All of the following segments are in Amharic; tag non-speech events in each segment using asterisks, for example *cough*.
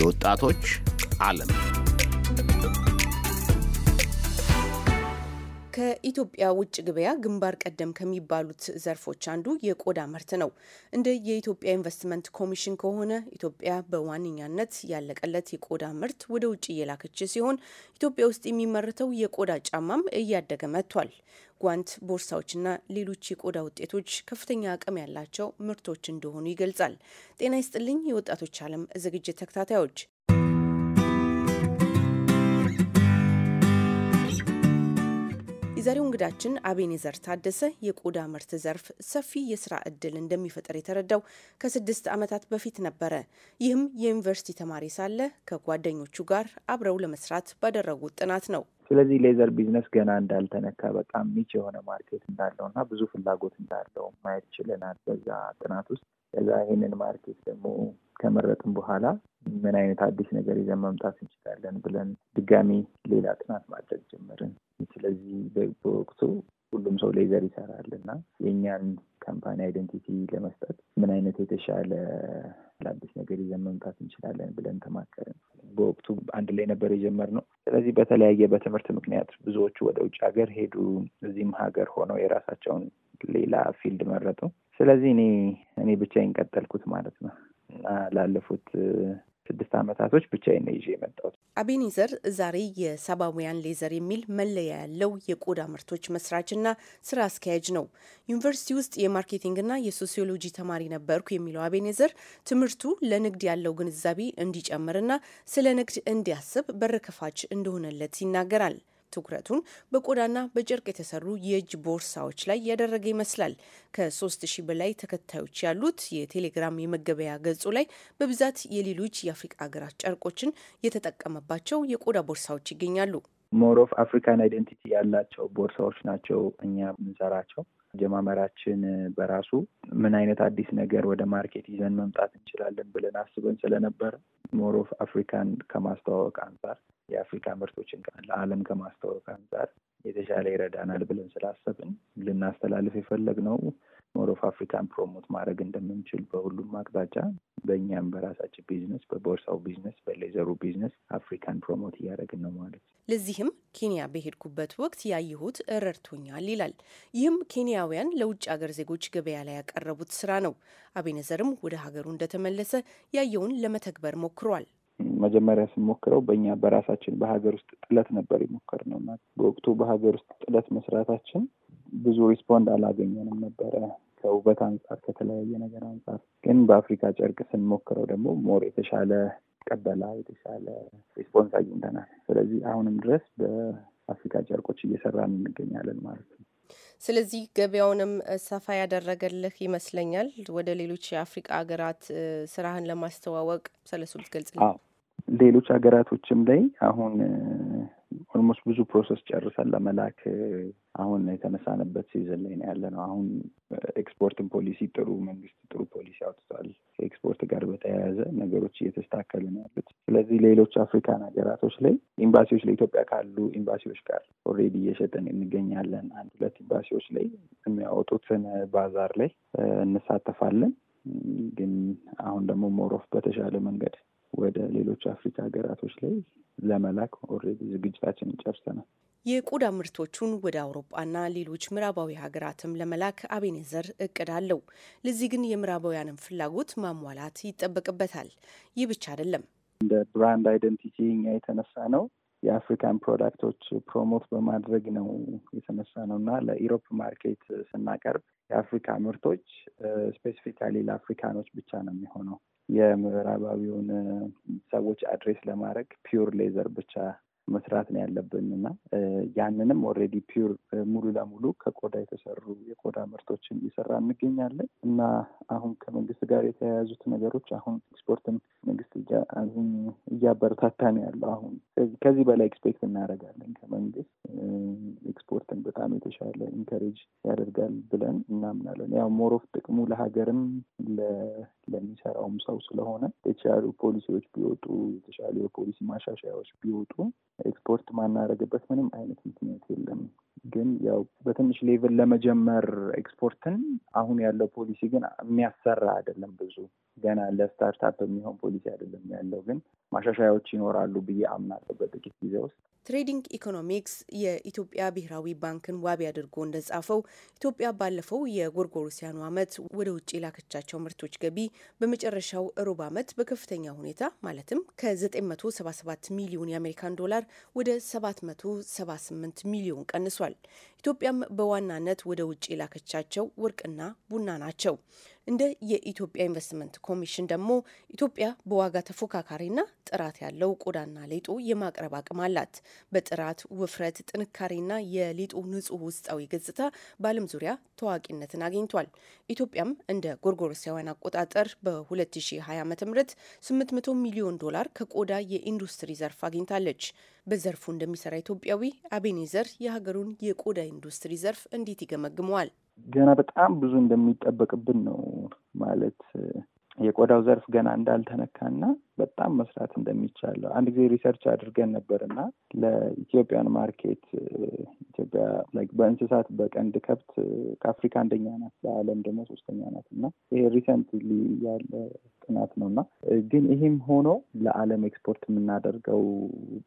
የወጣቶች ዓለም ከኢትዮጵያ ውጭ ገበያ ግንባር ቀደም ከሚባሉት ዘርፎች አንዱ የቆዳ ምርት ነው። እንደ የኢትዮጵያ ኢንቨስትመንት ኮሚሽን ከሆነ ኢትዮጵያ በዋነኛነት ያለቀለት የቆዳ ምርት ወደ ውጭ እየላከች ሲሆን ኢትዮጵያ ውስጥ የሚመረተው የቆዳ ጫማም እያደገ መጥቷል። ጓንት፣ ቦርሳዎችና ሌሎች የቆዳ ውጤቶች ከፍተኛ አቅም ያላቸው ምርቶች እንደሆኑ ይገልጻል። ጤና ይስጥልኝ የወጣቶች ዓለም ዝግጅት ተከታታዮች የዛሬው እንግዳችን አቤኔዘር ታደሰ የቆዳ ምርት ዘርፍ ሰፊ የስራ እድል እንደሚፈጠር የተረዳው ከስድስት ዓመታት በፊት ነበረ። ይህም የዩኒቨርሲቲ ተማሪ ሳለ ከጓደኞቹ ጋር አብረው ለመስራት ባደረጉት ጥናት ነው። ስለዚህ ሌዘር ቢዝነስ ገና እንዳልተነካ በጣም ሚች የሆነ ማርኬት እንዳለው እና ብዙ ፍላጎት እንዳለው ማየት ችለናል በዛ ጥናት ውስጥ። ከዛ ይህንን ማርኬት ደግሞ ከመረጥን በኋላ ምን አይነት አዲስ ነገር ይዘን መምጣት እንችላለን ብለን ድጋሚ ሌላ ጥናት ማለት ሌዘር ይሰራል እና የእኛን ካምፓኒ አይደንቲቲ ለመስጠት ምን አይነት የተሻለ ለአዲስ ነገር ይዘን መምጣት እንችላለን ብለን ተማከርን። በወቅቱ አንድ ላይ ነበር የጀመርነው። ስለዚህ በተለያየ በትምህርት ምክንያት ብዙዎቹ ወደ ውጭ ሀገር ሄዱ፣ እዚህም ሀገር ሆነው የራሳቸውን ሌላ ፊልድ መረጡ። ስለዚህ እኔ እኔ ብቻዬን ቀጠልኩት ማለት ነው እና ላለፉት ስድስት ዓመታቶች ብቻዬን ይዤ የመጣሁት። አቤኒዘር ዛሬ የሳባውያን ሌዘር የሚል መለያ ያለው የቆዳ ምርቶች መስራችና ስራ አስኪያጅ ነው። ዩኒቨርሲቲ ውስጥ የማርኬቲንግና የሶሲዮሎጂ ተማሪ ነበርኩ የሚለው አቤኔዘር ትምህርቱ ለንግድ ያለው ግንዛቤ እንዲጨምርና ስለ ንግድ እንዲያስብ በር ከፋች እንደሆነለት ይናገራል። ትኩረቱን በቆዳና በጨርቅ የተሰሩ የእጅ ቦርሳዎች ላይ ያደረገ ይመስላል። ከሶስት ከ3000 በላይ ተከታዮች ያሉት የቴሌግራም የመገበያ ገጹ ላይ በብዛት የሌሎች የአፍሪቃ ሀገራት ጨርቆችን የተጠቀመባቸው የቆዳ ቦርሳዎች ይገኛሉ። ሞር ኦፍ አፍሪካን አይደንቲቲ ያላቸው ቦርሳዎች ናቸው እኛ የምንሰራቸው። ጀማመራችን በራሱ ምን አይነት አዲስ ነገር ወደ ማርኬት ይዘን መምጣት እንችላለን ብለን አስበን ስለነበረ ሞር ኦፍ አፍሪካን ከማስተዋወቅ አንጻር የአፍሪካ ምርቶችን ለዓለም ከማስተዋወቅ አንጻር የተሻለ ይረዳናል ብለን ስላሰብን ልናስተላልፍ የፈለግነው ሞር ኦፍ አፍሪካን ፕሮሞት ማድረግ እንደምንችል በሁሉም አቅጣጫ በእኛም በራሳችን ቢዝነስ፣ በቦርሳው ቢዝነስ፣ በሌዘሩ ቢዝነስ አፍሪካን ፕሮሞት እያደረግን ነው ማለት ነው። ለዚህም ኬንያ በሄድኩበት ወቅት ያየሁት እረድቶኛል ይላል። ይህም ኬንያውያን ለውጭ ሀገር ዜጎች ገበያ ላይ ያቀረቡት ስራ ነው። አቤነዘርም ወደ ሀገሩ እንደተመለሰ ያየውን ለመተግበር ሞክሯል። መጀመሪያ ስንሞክረው በእኛ በራሳችን በሀገር ውስጥ ጥለት ነበር የሞከርነው እና በወቅቱ በሀገር ውስጥ ጥለት መስራታችን ብዙ ሪስፖንድ አላገኘንም ነበረ ከውበት አንጻር ከተለያየ ነገር አንጻር። ግን በአፍሪካ ጨርቅ ስንሞክረው ደግሞ ሞር የተሻለ ቀበላ የተሻለ ሪስፖንስ አግኝተናል። ስለዚህ አሁንም ድረስ በአፍሪካ ጨርቆች እየሰራን እንገኛለን ማለት ነው። ስለዚህ ገበያውንም ሰፋ ያደረገልህ ይመስለኛል። ወደ ሌሎች የአፍሪቃ ሀገራት ስራህን ለማስተዋወቅ ስለሱ ብትገልጽ። ሌሎች ሀገራቶችም ላይ አሁን ኦልሞስት ብዙ ፕሮሰስ ጨርሰን ለመላክ አሁን የተነሳንበት ሲዝን ላይ ነው ያለ ነው። አሁን ኤክስፖርትን ፖሊሲ ጥሩ መንግስት ጥሩ ፖሊሲ አውጥቷል። ከኤክስፖርት ጋር በተያያዘ ነገሮች እየተስተካከሉ ነው ያሉት። ስለዚህ ሌሎች አፍሪካን ሀገራቶች ላይ ኤምባሲዎች ለኢትዮጵያ ካሉ ኤምባሲዎች ጋር ኦልሬዲ እየሸጠን እንገኛለን። አንድ ሁለት ኤምባሲዎች ላይ የሚያወጡትን ባዛር ላይ እንሳተፋለን። ግን አሁን ደግሞ ሞሮፍ በተሻለ መንገድ ወደ ሌሎች አፍሪካ ሀገራቶች ላይ ለመላክ ኦልሬዲ ዝግጅታችንን ጨርሰናል። የቆዳ ምርቶቹን ወደ አውሮፓና ሌሎች ምዕራባዊ ሀገራትም ለመላክ አቤኔዘር እቅድ አለው። ለዚህ ግን የምዕራባውያንን ፍላጎት ማሟላት ይጠበቅበታል። ይህ ብቻ አይደለም። እንደ ብራንድ አይደንቲቲ እኛ የተነሳ ነው የአፍሪካን ፕሮዳክቶች ፕሮሞት በማድረግ ነው የተነሳ ነው እና ለኢሮፕ ማርኬት ስናቀርብ የአፍሪካ ምርቶች ስፔሲፊካሊ ለአፍሪካኖች ብቻ ነው የሚሆነው። የምዕራባዊውን ሰዎች አድሬስ ለማድረግ ፒውር ሌዘር ብቻ መስራት ነው ያለብን እና ያንንም ኦልሬዲ ፒውር ሙሉ ለሙሉ ከቆዳ የተሰሩ የቆዳ ምርቶችን እየሰራ እንገኛለን እና አሁን ከመንግስት ጋር የተያያዙት ነገሮች አሁን ኤክስፖርትን መንግስት እያበረታታ ነው ያለው። አሁን ከዚህ በላይ ኤክስፔክት እናደርጋለን ከመንግስት ኤክስፖርትን በጣም የተሻለ ኢንከሬጅ ያደርጋል ብለን እናምናለን። ያው ሞሮፍ ጥቅሙ ለሀገርም ለሚሰራውም ሰው ስለሆነ የተሻሉ ፖሊሲዎች ቢወጡ የተሻሉ የፖሊሲ ማሻሻያዎች ቢወጡ ኤክስፖርት ማናረግበት ምንም አይነት ምክንያት የለም። ግን ያው በትንሽ ሌቭል ለመጀመር ኤክስፖርትን አሁን ያለው ፖሊሲ ግን የሚያሰራ አይደለም ብዙ ገና ለስታርታፕ የሚሆን ፖሊሲ አይደለም ያለው፣ ግን ማሻሻያዎች ይኖራሉ ብዬ አምናለሁ በጥቂት ጊዜ ውስጥ። ትሬዲንግ ኢኮኖሚክስ የኢትዮጵያ ብሔራዊ ባንክን ዋቢ አድርጎ እንደጻፈው ኢትዮጵያ ባለፈው የጎርጎሮሲያኑ ዓመት ወደ ውጭ የላከቻቸው ምርቶች ገቢ በመጨረሻው ሩብ ዓመት በከፍተኛ ሁኔታ ማለትም ከ977 ሚሊዮን የአሜሪካን ዶላር ወደ 778 ሚሊዮን ቀንሷል። ኢትዮጵያም በዋናነት ወደ ውጭ የላከቻቸው ወርቅና ቡና ናቸው። እንደ የኢትዮጵያ ኢንቨስትመንት ኮሚሽን ደግሞ ኢትዮጵያ በዋጋ ተፎካካሪና ጥራት ያለው ቆዳና ሌጦ የማቅረብ አቅም አላት። በጥራት ውፍረት፣ ጥንካሬና የሌጦ ንጹህ ውስጣዊ ገጽታ በዓለም ዙሪያ ታዋቂነትን አግኝቷል። ኢትዮጵያም እንደ ጎርጎሮሳውያን አቆጣጠር በ2020 ዓ ም 800 ሚሊዮን ዶላር ከቆዳ የኢንዱስትሪ ዘርፍ አግኝታለች። በዘርፉ እንደሚሰራ ኢትዮጵያዊ አቤኔዘር የሀገሩን የቆዳ ኢንዱስትሪ ዘርፍ እንዴት ይገመግመዋል? ገና በጣም ብዙ እንደሚጠበቅብን ነው ማለት የቆዳው ዘርፍ ገና እንዳልተነካና በጣም መስራት እንደሚቻለው አንድ ጊዜ ሪሰርች አድርገን ነበርና ለኢትዮጵያን ማርኬት ኢትዮጵያ በእንስሳት በቀንድ ከብት ከአፍሪካ አንደኛ ናት፣ በዓለም ደግሞ ሶስተኛ ናት እና ይሄ ሪሰንትሊ ያለ ጥናት ነው እና ግን ይህም ሆኖ ለአለም ኤክስፖርት የምናደርገው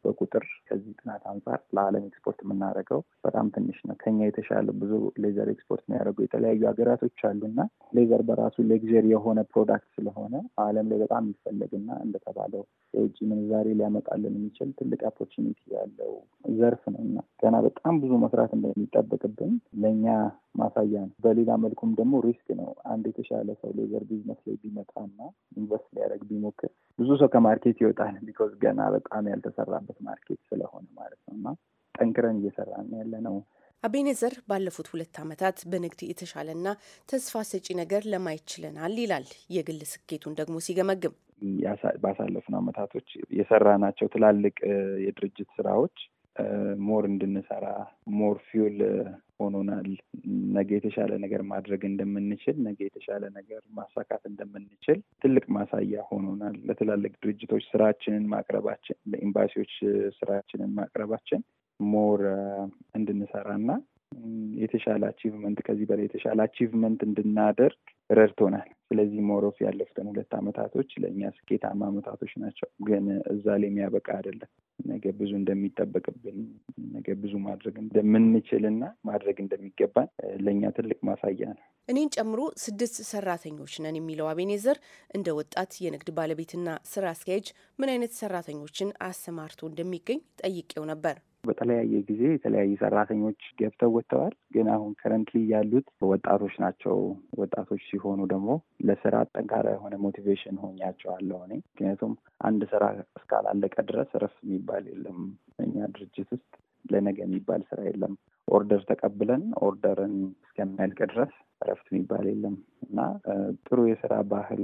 በቁጥር ከዚህ ጥናት አንጻር ለአለም ኤክስፖርት የምናደርገው በጣም ትንሽ ነው። ከኛ የተሻለ ብዙ ሌዘር ኤክስፖርት የሚያደርጉ የተለያዩ ሀገራቶች አሉና ሌዘር በራሱ ሌግዘር የሆነ ፕሮዳክት ስለሆነ አለም ላይ በጣም የሚፈለግና እንደተባለው የውጭ ምንዛሬ ሊያመጣልን የሚችል ትልቅ ኦፖርቹኒቲ ያለው ዘርፍ ነው እና ገና በጣም ብዙ መስራት እንደሚጠበቅብን ለእኛ ማሳያ ነው። በሌላ መልኩም ደግሞ ሪስክ ነው። አንድ የተሻለ ሰው ሌዘር ቢዝነስ ላይ ቢመጣና ኢንቨስት ሊያደርግ ቢሞክር ብዙ ሰው ከማርኬት ይወጣል። ቢኮዝ *laughs* ገና በጣም ያልተሰራበት ማርኬት ስለሆነ ማለት ነው እና ጠንክረን እየሰራን ያለ ነው። አቤኔዘር ባለፉት ሁለት ዓመታት በንግድ የተሻለና ተስፋ ሰጪ ነገር ለማይችለናል ይላል። የግል ስኬቱን ደግሞ ሲገመግም ባሳለፉን ዓመታቶች ናቸው ትላልቅ የድርጅት ስራዎች ሞር እንድንሰራ ሞር ፊውል ሆኖናል። ነገ የተሻለ ነገር ማድረግ እንደምንችል፣ ነገ የተሻለ ነገር ማሳካት እንደምንችል ትልቅ ማሳያ ሆኖናል። ለትላልቅ ድርጅቶች ስራችንን ማቅረባችን፣ ለኤምባሲዎች ስራችንን ማቅረባችን ሞር እንድንሰራና የተሻለ አቺቭመንት ከዚህ በላይ የተሻለ አቺቭመንት እንድናደርግ ረድቶናል። ስለዚህ ሞሮፍ ያለፉትን ሁለት አመታቶች ለእኛ ስኬታማ አመታቶች ናቸው። ግን እዛ ላይ የሚያበቃ አይደለም። ነገ ብዙ እንደሚጠበቅብን፣ ነገ ብዙ ማድረግ እንደምንችልና ማድረግ እንደሚገባን ለእኛ ትልቅ ማሳያ ነው። እኔን ጨምሮ ስድስት ሰራተኞች ነን የሚለው አቤኔዘር እንደ ወጣት የንግድ ባለቤትና ስራ አስኪያጅ ምን አይነት ሰራተኞችን አሰማርቶ እንደሚገኝ ጠይቄው ነበር። በተለያየ ጊዜ የተለያዩ ሰራተኞች ገብተው ወጥተዋል። ግን አሁን ከረንትሊ ያሉት ወጣቶች ናቸው። ወጣቶች ሲሆኑ ደግሞ ለስራ ጠንካራ የሆነ ሞቲቬሽን ሆኛቸዋለሁ እኔ ምክንያቱም አንድ ስራ እስካላለቀ ድረስ እረፍት የሚባል የለም። እኛ ድርጅት ውስጥ ለነገ የሚባል ስራ የለም። ኦርደር ተቀብለን ኦርደርን እስከሚያልቅ ድረስ እረፍት የሚባል የለም እና ጥሩ የስራ ባህል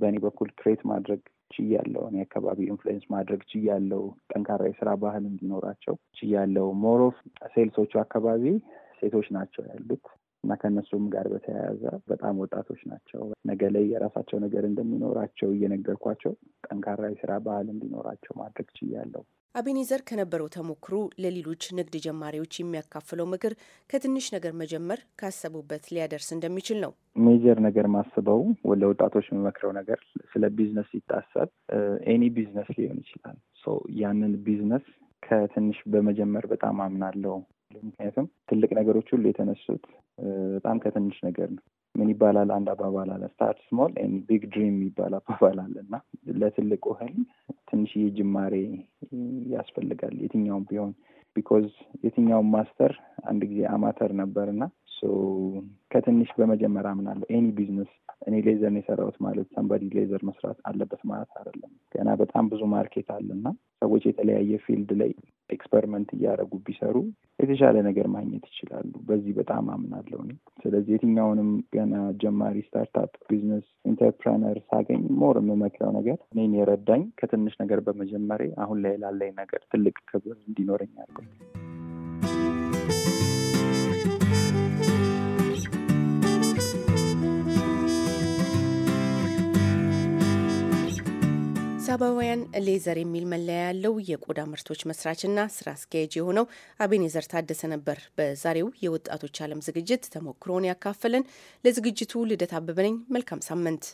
በእኔ በኩል ክሬት ማድረግ ችያለው። እኔ አካባቢ ኢንፍሉዌንስ ማድረግ ችያለው። ጠንካራ የስራ ባህል እንዲኖራቸው ችያለው። ሞሮፍ ሴልሶቹ አካባቢ ሴቶች ናቸው ያሉት እና ከእነሱም ጋር በተያያዘ በጣም ወጣቶች ናቸው። ነገ ላይ የራሳቸው ነገር እንደሚኖራቸው እየነገርኳቸው ጠንካራ የስራ ባህል እንዲኖራቸው ማድረግ ችያለው። አቤኔዘር ከነበረው ተሞክሮ ለሌሎች ንግድ ጀማሪዎች የሚያካፍለው ምክር ከትንሽ ነገር መጀመር ካሰቡበት ሊያደርስ እንደሚችል ነው። ሜጀር ነገር ማስበው ለወጣቶች የምመክረው ነገር ስለ ቢዝነስ ሲታሰብ ኤኒ ቢዝነስ ሊሆን ይችላል። ያንን ቢዝነስ ከትንሽ በመጀመር በጣም አምናለው። ምክንያቱም ትልቅ ነገሮች ሁሉ የተነሱት በጣም ከትንሽ ነገር ነው። ምን ይባላል? አንድ አባባል አለ ስታርት ስሞል ቢግ ድሪም የሚባል አባባል አለ እና ለትልቁ ህል ትንሽዬ ጅማሬ ያስፈልጋል የትኛውም ቢሆን ቢኮዝ የትኛውም ማስተር አንድ ጊዜ አማተር ነበር እና ከትንሽ በመጀመር አምናለሁ። ኤኒ ቢዝነስ እኔ ሌዘር ነው የሰራሁት ማለት ሰንበዲ ሌዘር መስራት አለበት ማለት አይደለም። ገና በጣም ብዙ ማርኬት አለ እና ሰዎች የተለያየ ፊልድ ላይ ኤክስፐሪመንት እያደረጉ ቢሰሩ የተሻለ ነገር ማግኘት ይችላሉ። በዚህ በጣም አምናለሁ። ስለዚህ የትኛውንም ገና ጀማሪ ስታርታፕ ቢዝነስ ኢንተርፕረነር ሳገኝ ሞር የምመክረው ነገር እኔን የረዳኝ ከትንሽ ነገር በመጀመሬ አሁን ላይ ላለኝ ነገር ትልቅ ክብር እንዲኖረኝ አድርጓል። አበባውያን ሌዘር የሚል መለያ ያለው የቆዳ ምርቶች መስራችና ስራ አስኪያጅ የሆነው አቤኔዘር ታደሰ ነበር በዛሬው የወጣቶች ዓለም ዝግጅት ተሞክሮውን ያካፈለን። ለዝግጅቱ ልደት አበበ ነኝ። መልካም ሳምንት።